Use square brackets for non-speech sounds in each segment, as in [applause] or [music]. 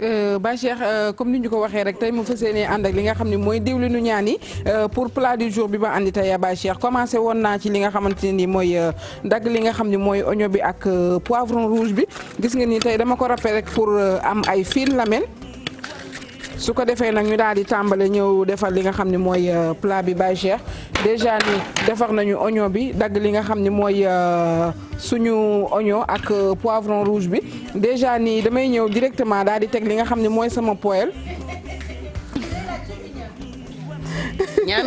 Euh, ba Cheikh euh, comme ni ñu ko waxee rek tey moo fas yéene ànd li nga xam ne mooy diwlinu ñaan yi euh, pour plat du jour bi ma andi tey Ba Cheikh commencé woon naa ci li nga xamante ne nii mooy dagg li nga xam ne mooy oignon bi ak poivron rouge bi gis nga ni tey dama ko râpé rek pour am ay fil lamel su ko defee nag ñu daal di tàmbalee ñëw defar li nga xam ne mooy euh, plat bi bay Cheikh déjà ni defar nañu oignon bi dagg li nga xam ni mooy euh, suñu oignon ak euh, poivron rouge bi déjà nii damay ñëw directement daal di teg li nga xam ne mooy sama poêle ñaam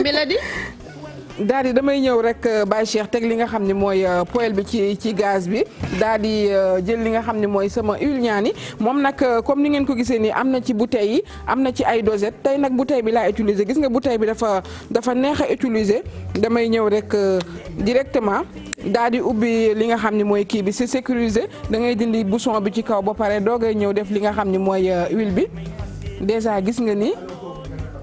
daal di damay ñëw rek euh, Baye Cheikh teg li nga xam ne mooy euh, poêle bi ci ci gaz bi daal di euh, jël li nga xam ne mooy sama huile ñaani moom nag comme ni ngeen ko gisee nii am na ci bouteille yi am na ci ay dosette tey nag bouteille bi laa utiliser gis nga bouteille bi dafa dafa neex a utiliser damay ñëw rek directement daal di ubbi li nga xam ni mooy kii bi c'est sécuriser da ngay dindi bouchon bi ci kaw ba pare doogay ñëw def li nga xam ni mooy huile bi déjà gis nga nii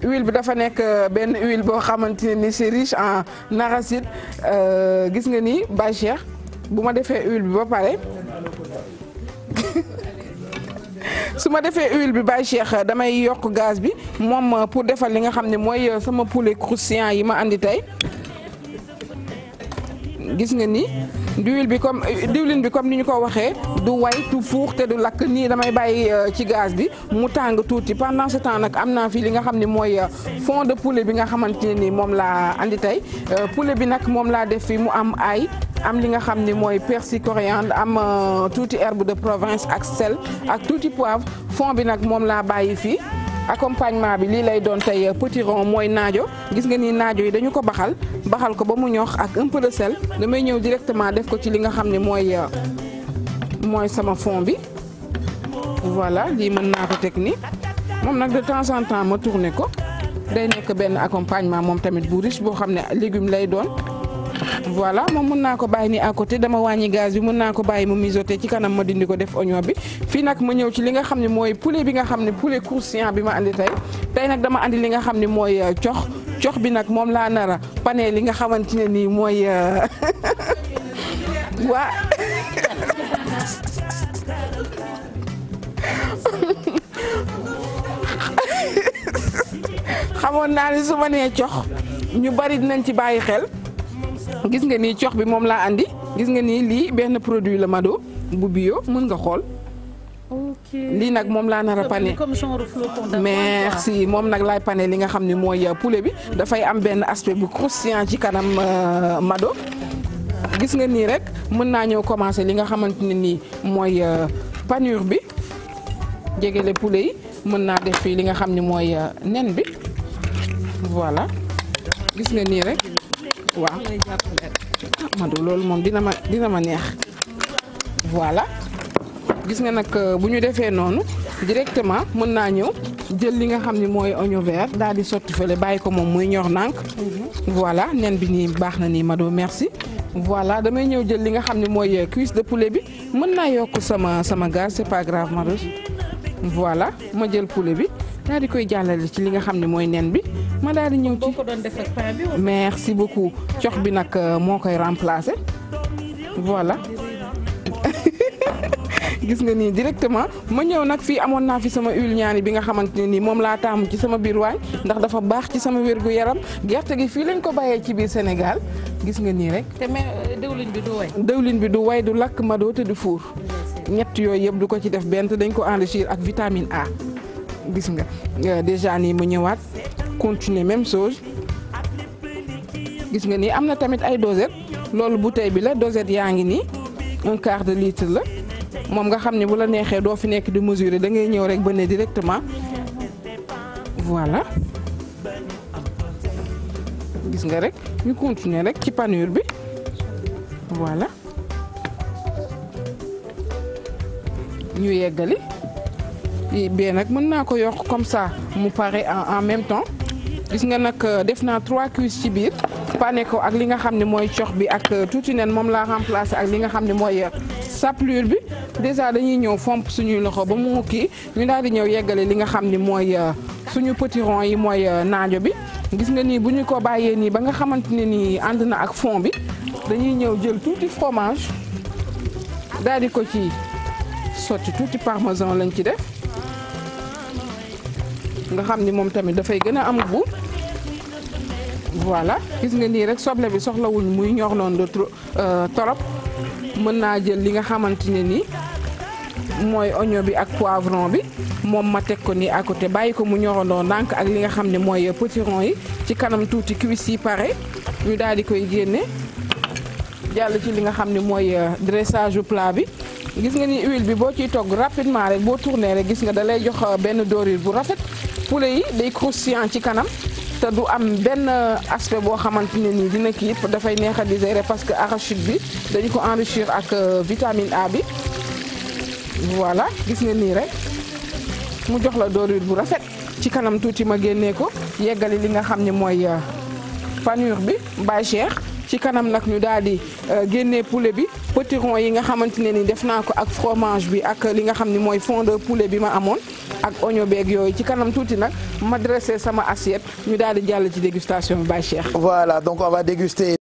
huile bi dafa nekk euh, benn huile boo xamante ne ni c'est riche en arachide euh, gis nga ni Baye Cheikh bu ma defee huile bi ba pare [laughs] su ma defee huile bi Baye Cheikh damay yokk gaz bi moom euh, pour defal li nga xam ne mooy sama poulet croustillant yi ma indi tey. gis nga ni diwlin bi comme diwlin bi comme ni ñu ko waxee du way tu fuux te du lakk nii damay bàyyi euh, ci gaz bi mu tàng tuuti pendant ce temps nag am naa fi li nga xam ne mooy euh, fond de poulet bi nga xamante ne ni moom laa andi tey euh, poulet bi nag moom laa def fi mu am ay am li nga xam ne mooy persil coriandre am tuuti herbe de province ak sel ak tuuti poivre fond bi nag moom laa bàyyi fii accompagnement bi lii lay doon tay euh, petit rond mooy naajo gis nga ni naajo yi dañu ko baxal baxal ko ba mu ñox ak un peu damay ñëw directement def ko ci li nga xam ne mooy euh, mooy sama fond bi voilà lii mën naa ko teg ni moom nag de temps en temps ma tourné ko day nekk benn accompagnement moom tamit bu riche boo xam ne légume lay doon voilà moom mun naa ko bàyyi ni à dama wàññi gas bi mun naa ko bàyyi mu mijoté ci kanam ma dindi ko def oignon bi fii nag ma ñëw ci li nga xam ne mooy poulet bi nga xam ne poulet croustillant bi ma andi tey tey nag dama andi li nga xam ne mooy euh, cox cox bi nag moom laa nara pané li nga xamante ne nii mooy euh, [laughs] waa [laughs] xamoon naa ni su ma nee cox ñu bari dinañ ci bàyyi xel gis nga nii cox bi moom laa andi gis nga nii lii benn produit la mado bu bio mën nga xool. lii nag moom laa nar a pané merci moom nag laay pané li nga xam ne mooy euh, poulet bi dafay am benn aspect bu croustillant ci kanam euh, mado gis nga nii rek mën naa ñëw commencé li nga xamante ne nii mooy euh, panure bi jegele poulet yi mën naa def fii li nga xam ni mooy nen bi voilà gis nga nii rek waaw Madou loolu moom dina ma dina ma neex voilà gis nga nag euh, bu ñu defee noonu directement mën naa ñëw jël li nga xam ne mooy oignon vert daal di sotti fële bàyyi ko moom muy ñor nànk mhm. voilà nen bi nii baax na nii Madou merci voilà damay ñëw jël li nga xam ne mooy euh, cuisse de poulet bi mën naa yokk sama sama gaz c'est grave Madou voilà ma jël poulet bi daal di koy jàllale ci li nga xam ne mooy nen bi ma daal di ñëw ci ko doon def ak pain bi merci beaucoup cox bi nag euh, moo koy remplacer voilà. [laughs] gis nga nii directement ma ñëw nag fii amoon naa fi sama huile ñaani bi nga xamante ni moom laa taamu ci sama biir waañ ndax dafa baax ci sama wér gu yaram gerte gi fii lañ ko bàyyee ci biir Sénégal gis nga nii rek. te mais euh, dëwlin bi du way. bi du way du lakk ma doo te du fuur ñett yooyu yëpp du ko ci def benn dañ ko enrichir ak vitamine A. gis nga euh, déjà nii mu ñëwaat continuer même chose gis nga nii am na tamit ay dosette loolu bouteille bi la dosette yaa ngi nii un quart de litre la moom nga xam ne bu la neexee doo fi nekk di mesurer da ngay ñëw rek ba ne directement voilà gis nga rek ñu continuer rek ci panure bi voilà ñu yeggali bee nag mën naa ko yokk comme sa mu pare en même temps gis nga nag euh, def naa trois cuisses ci biir pané ko ak li nga xam ne mooy cox bi ak euh, tuuti nen moom laa remplacé ak li nga xam ne mooy euh, saplure bi déjà dañuy ñëw fomp suñuy loxo ba mu kii ñu daal di ñëw yeggale li nga xam ni mooy suñu potiron yi mooy naajo bi gis nga nii bu ñu ko bàyyee nii ba nga xamante ne nii ànd na ak fond bi dañuy ñëw jël tuuti fromage daal di ko ci sotti tuuti parmesan lañ ci def nga xam ni moom tamit dafay gën a am bu voilà gis nga nii rek soble bi soxlawuñ muy ñor noonu trop euh, mën naa jël li nga xamante ne nii mooy oignon bi ak poivron bi moom ma teg ko nii à côté bàyyi ko mu ñorandoo ndànk ak li nga xam ne mooy potiron yi ci kanam tuuti cuisse yi pare ñu daal di koy génne jàll ci li nga xam ne mooy euh, dressage plat bi gis nga ni huile bi boo ciy togg rapidement rek boo tourné rek gis nga dalay jox euh, benn dorure bu rafet poulet yi day croustillant ci kanam te du am benn euh, aspect boo xamante ne nii dina kii dafay neex a parce que arachide bi dañu ko enrichir ak euh, vitamine A bi voilà gis nga nii rek mu jox la dorure bu rafet ci kanam tuuti ma génnee ko yeggali li nga xam ne mooy panure bi Baye Cheikh ci kanam nag ñu daal di génnee poulet bi potiron yi nga xamante ne ni def naa ko ak fromage bi ak li nga xam ni mooy fond de bi ma amoon ak oignon beeg yooyu ci kanam tuuti nag ma dressé sama assiette ñu daal di jàll ci dégustation bi Baye Cheikh. voilà donc on va déguster.